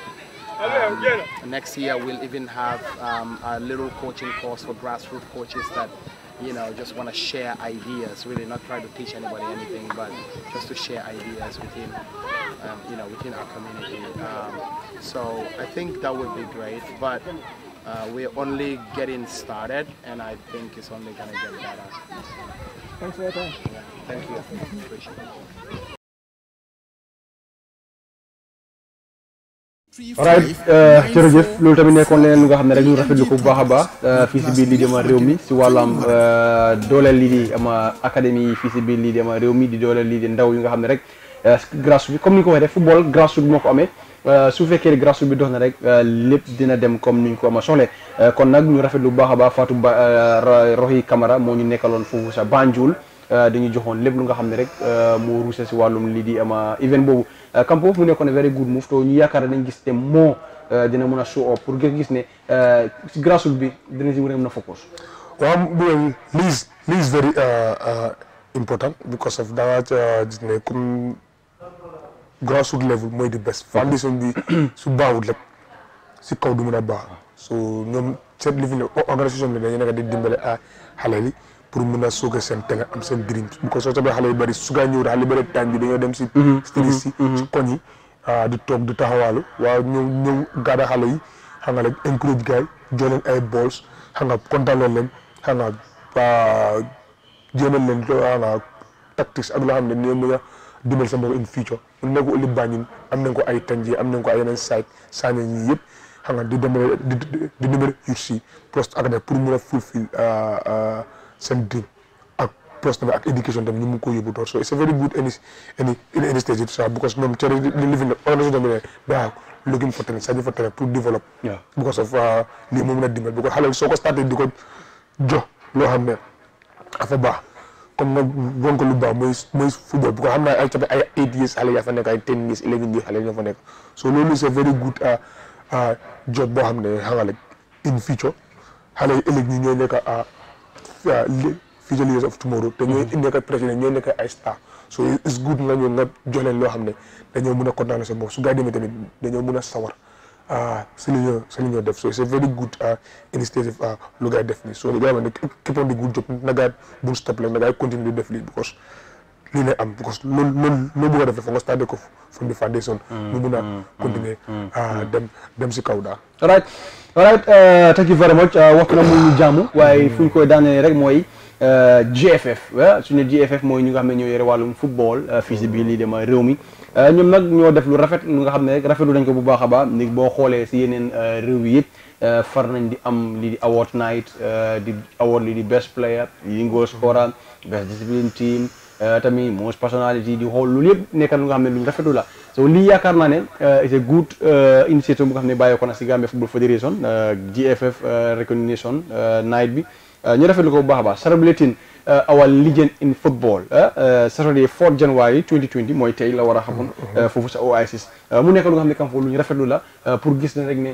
Um, next year, we'll even have um, a little coaching course for grassroots coaches that you know, just want to share ideas, really not try to teach anybody anything, but just to share ideas within, um, you know, within our community. Um, so I think that would be great, but uh, we're only getting started, and I think it's only going to get better. Thanks for your time. Yeah, thank you. Appreciate it. alright euh, jërëjëf loolu tamit nekkoon leneen lu nga xam ne rek ñu rafetlu ko bu baax a baax euh, fii si biir lii di ama réew mi si wàllam euh, dooleel lii di ama académie yi fii si biir lii di ama réew mi di dooleel lii di ndaw yu nga xam ne rek grâce bi comme ni ko waxee rek football grâce bi moo ko amee su fekkee grâce bi dox na rek lépp dina dem comme ni ñu ko ama soxle kon nag ñu rafet lu baax a baax Fatou Ba Rohi Camara moo ñu nekkaloon foofu sa Banjul Euh, dañuy joxoon lépp lu nga xam ne rek euh, moo ruuse si wàllum lii di ama event boobu euh, Kampo mu nekkoon very good move to ñu yaakaar dañ gis te moo dina mën a show up pour nga gis ne si grâceul bi dina si mën a mën a focus. waaw bu Liz Liz very important because da gis ne comme grassroot level mooy di best foundation bi <coughs> su baawut lépp si kaw du mën a baax so ñoom seen living organisation bi dañu nekk di dimbale a ah, xale yi pour mun a suuga seen télé am seen green bu ko soo sabee xale yu bëri su gaa ñëwul xale yu bëri tànn bi dañoo dem si mhm. mhm. styliste yi si mhm. koñ yi ah, di toog di taxawaalu waaw ñëw ñëw gaada xale yi xam nga rek encourage gars yi jox leen ay balls xam nga leen xam nga ah, leen xana ah, tactics ak loo xam ne nee mën a dimbal sa mbokk in future mun nekk uli bàññin am nañ ko ay tanji am nañ ko ay yeneen site saane yi yëpp xam nga di dimbale di dimbale youth si post ak ne pour mun a fulfil seen dream ak personal ak education dem ñu mun ko yóbbu door so it's a very good any any any it so because ñoom cere living organisation dem they are looking for training searching for training pour develop because of uh, lii moom la dimbal because xale soo ko starté di ko jox loo xam ne afa baax comme nag won ko lu baax mooy mooy football bu ko xam naa ay capé ay eight years xale yaa fa nekk ay ten years eleven years xale ñoo fa nekk so loolu c'est very good uh, uh, job boo xam ne xanaa la in future leaders of tomorrow te ñooy mhm. nekk président ñooy nekk ay star so it's good nga ñëw nga jox leen loo xam ne dañoo mun a kontaanoo seen bopp su gaa demee tamit dañoo mun a sawar ah, si li ñoo def so it's a very good ah, initiative ah, lu gaa def nii so li nga xam ne képp on di good job na gaa bu stop leen na gaa continue di def lii because lii lay am parce que loolu loolu loolu bëgg a def dafa nga stade ko from the foundation. Mm, mu mun a mm, mm, continuer. Ah, dem dem si kaw daal. alright alright uh, thank you very uh, waxtu na mu jàmm. waaye fu ñu koy daanee rek mooy. Uh, GFF suñu GFF mooy ñu nga xam ne ñoo yore wàllum football fii si biir lii de ma réew mi ñoom nag ñoo def lu rafet lu nga xam ne rek rafetu nañ ko bu baax a baax ni boo xoolee si yeneen réew yi far nañ di am lii di award night di award lii di best player yi goal best discipline team. Euh, tamit most personnalité di xool loolu yëpp nekka lu nga xam ne lu rafetlu la so lii yaakaar naa ne euh, it's a good euh, initiative bu nga xam ne bàyyi ko na si Gambia Football Federation GFF recognition night bi ñu rafetlu ko bu baax a baax celebrating our legend in football Saturday 4 January 2020 mooy tey la war a xamoon mm-hmm. foofu sa OICS mu nekk lu nga xam ne kam foofu lu ñu rafetlu la pour gis ne rek ne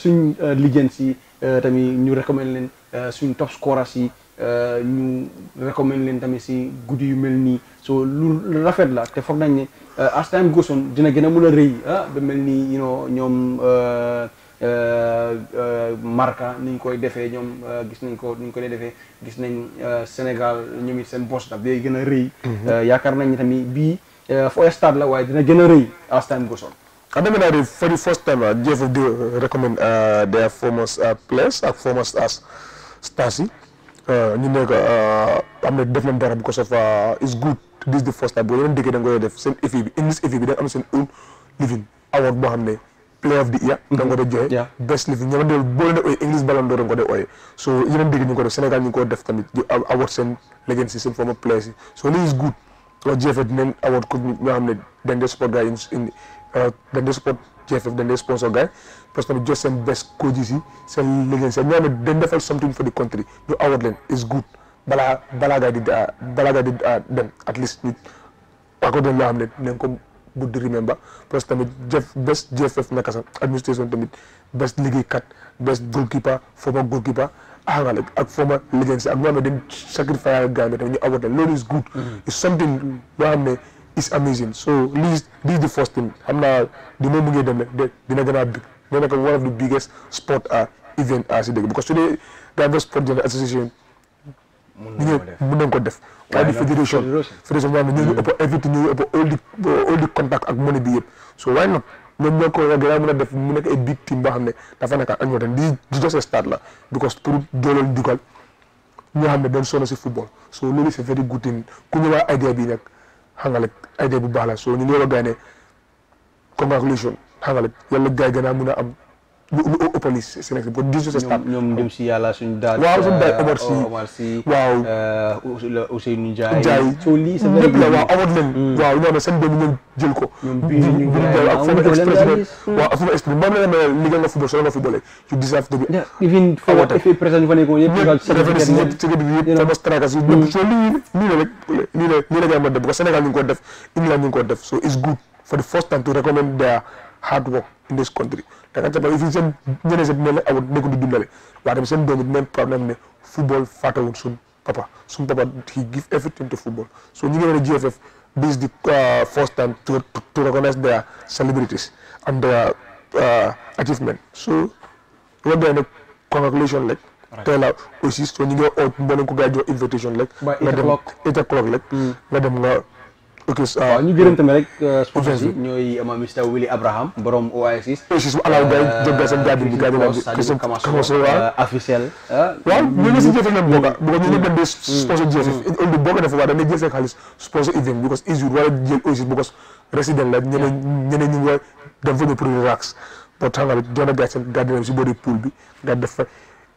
suñ legends si tamit ñu recommend lee suñ top scorers yi Euh, ñu recommande leen tamit si guddi yu mel nii so lu rafet la te foog nañ ni euh, as time goes dina gën a mën a rëy ah ba mel nii you know ñoom euh, marka ni ñu koy defee ñoom gis nañ ko ni ñu koy defee gis nañ Sénégal ñoom it seen bos daf day gën a rëy. Mhm. yaakaar nañ tamit bii fooy stade la waaye dina gën a rëy as time goes on. Ah, I remember for the first time, ah, uh, JFF recommend uh, their former uh, players, Stasi. Euh, ñu nekk euh, am na def nañ dara because of is good this the first time boo leen déggee da def seen effet English effet bi da xam ne player of the year da nga ko dee joxe best living ñama del boo leen ooyee English Ballon d'Or da nga ko dee ooyee so yeneen dégg ñu ko def Sénégal ñu ko def tamit award seen legacy seen former players yi so lii is good wax jeefe dinañ award ko ñoo xam ne dañ dee support gars yi dañ uh, dee support GFF dañ lay sponsor gars parce que tamit jox seen best coaches yi seen liggéey seen ñoo xam ne dañ defal something for the country ñu award leen is good balaa balaa di ah, ah, dem at least ako doon loo xam ne nañ ko bu di remember parce que tamit jëf best GFF naka sax administration tamit best liggéeykat best goalkeeper former goalkeeper aangal ah, ak former liggéey si ak ñoo xam ne dañ sacrifice gars yi tamit ñu award leen loolu is good mm-hmm. is something loo xam ne is amazing so this this is the first thing xam naa du mu bëggee dem de dina gën a big nee na ko one of the biggest sport ah, event ah, si dëgg because su dee Gambia Sport Journal Association. ko def waaye di fédération fédération bi ñu ngi everything ñu ngi ëpp contact ak money bi yëpp so why not ñoom ne ko war gën a mën a def mu nekk ay big team boo xam ne dafa nekk annual ten di di just start la because pour dooleel dugal ñoo xam ne dañ sonn si football so loolu c'est very good thing ku ñu waa idea bi nekk xam nga nag bu baax la soo ñu ñëw a gaynde congratulation xam nga nag yàlla gaay gën a mun a am bu bu ëppali Sénégal ba dix huit stade. ñoom ñoom si yàlla suñu waaw suñu daal Omar waaw euh, Ousseynou Ndiaye. Ndiaye soo hmm. jël ko. ñoom bii ñu jaay waaw mu jëlee la football soo nga footballé ci dix neuf even forward effet président nii la rek nii a def parce que Sénégal ko def England ñu ko def so it's good for the first time to recommend their hard work in this country te kan ca fi seen ñeneen seen mel ne awut nekk di dundale waaye tamit seen doom it même problème ne football fàttewul suñ papa suñ papa he give everything to football so ñu ngi leen GFF based the uh, first time to, to, to their celebrities and their uh, achievement so loolu day nag congratulation rek tey aussi so ñu ngi oo mboolem ko gaa jox invitation rek nga dem eight mm. dem nga Uh, waaw ñu gërëm tamit rek euh, sponsors yi ñooy ma Mr Willy Abraham borom OISIS alaw gay joggasam gadi bi gadi officiel waaw euh, euh, ñu ngi si jefe nan boga boga ñu ngi dem sponsor jefe oldu boga dafa waa dana jefe xaalis sponsor event because isur wala jël OISIS because résident la ñeneen ñeneen ñu ngi dem fa ñu pour relax boo tax nga jox na gars seen gadi nam si boori pool bi nga def fa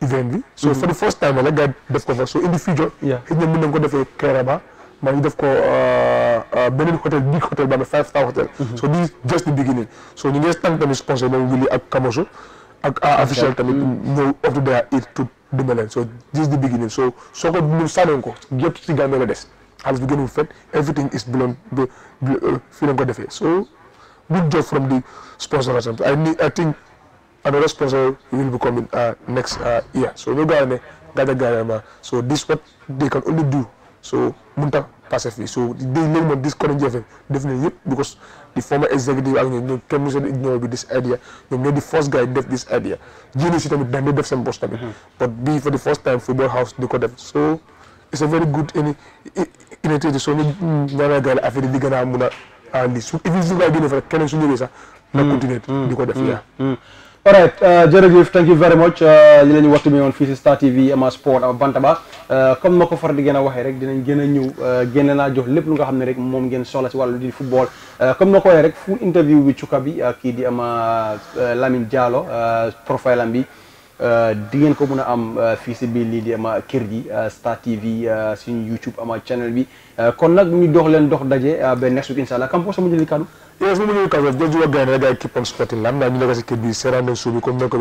event bi so for the first time la nga def ko fa so in the future xëy na mën nañ ko defee Kairaba mooy ñu def ko euh, euh, beneen hôtel big hôtel ba five star hôtel. Mhm. so this is just the beginning so ñu ngi tànn tamit sponsor moom Willy ak Kamoso ak officiel tamit mhm. ñëw offre de it tout dimbali leen so this is the beginning so soo ko ñu sànnoon ko yëpp si Gambie la des xaalis bi gënul fet everything is blown euh, fi lañ ko defee so good job from the sponsor and I need I think another sponsor will be coming uh, next uh, year so ñu gaaw ne gaaja gaaja ma so this what they so mënut a passé fii so day léegi def nañ yëpp because di former executive ak ñoom ñoom kenn mu seen ignore bi this idea ñoom ñoo di first guy def this idea jéni si tamit dañ def seen boss tamit mm-hmm. but bii for the first time football house di ko def so it's a very good ini initiative so ñu ñaanal gars yi affaire yi di gën a mun a andi su émission bi gën a fa keneen su ñëwee sax na mm-hmm. continuer di ko def mm-hmm. yaa alright uh, jërëjëf thank you very much uh, li la ñu waxtu bi woon fii si Star TV ama sport ama bantaba uh, comme ma ko far di gën a waxee rek dinañ gën a ñëw génne naa jox lépp lu nga xam ne rek moom ngeen soxla si wàllu di football comme na ko rek full interview bi cuka bi kii di ama Lamine Diallo profile am bi Euh, di ngeen ko mën a am euh, fii si biir lii di kër gi euh, Star TV suñu YouTube ama channel bi kon nag ñu dox leen dox daje ba next week inshallah kampo so mu jëli kàddu yes mu ñu kàddu jël jiwa gaane rek ay keep on supporting lam ñu nekk si kër bi seetaan nañ suuf bi comme nag ko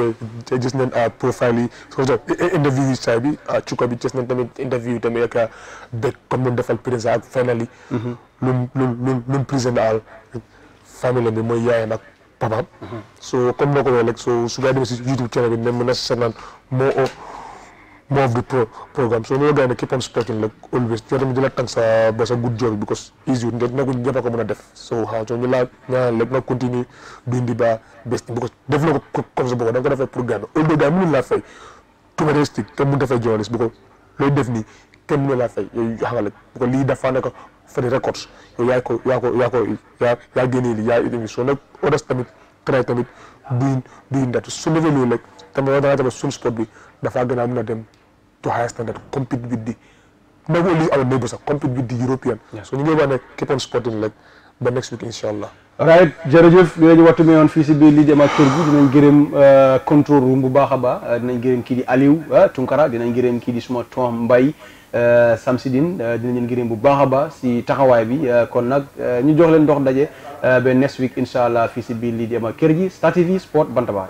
profile yi so bi cuka bi tamit interview tamit ak bëgg comme defal président ak finally lun lun lun al famille bi mooy yaayam ak papaam. so comme noo ko waxee rek so su gaa demee si YouTube channel bi ne mën na seetaan moo o more of the pro program so loolu gars yi keep on speaking like always yow tamit because easy wut na ko ñëpp a a def so xaw so ñu laa ñaanal lépp nga continue dundi ba best because def na ko comme sa bopp da nga ko defee pour Gambia although gars yi mënuñ laa fay touristique te mu ko looy def nii kenn mënu laa fay yooyu xam nga bu ko lii dafa nekk Fadi Records yow yaa ko yaa ko yaa ko yaa yaa génnee lii yaa tamit traité tamit duñ duñ datu su defee loolu rek tamit war sport bi dafaa gën a mën a dem to high standard compete with the nagu li our neighbours compete with the European so ñu ngi next week incha right jërëjëf li la ñu waxtu mi woon fii si biir li dem ak kër gi dinañ gërëm euh, contrôle room bu baax a baax dinañ gërëm kii di Aliou euh, Tunkara dinañ gërëm kii di suma Tom mbay Euh, Samsidine euh, dinañu gërëm bu baax a baax si taxawaay bi euh, kon nag ñu jox leen dox daje ba next week incha allah fii si biir lii di ama kër gi Star TV sport Bantaba.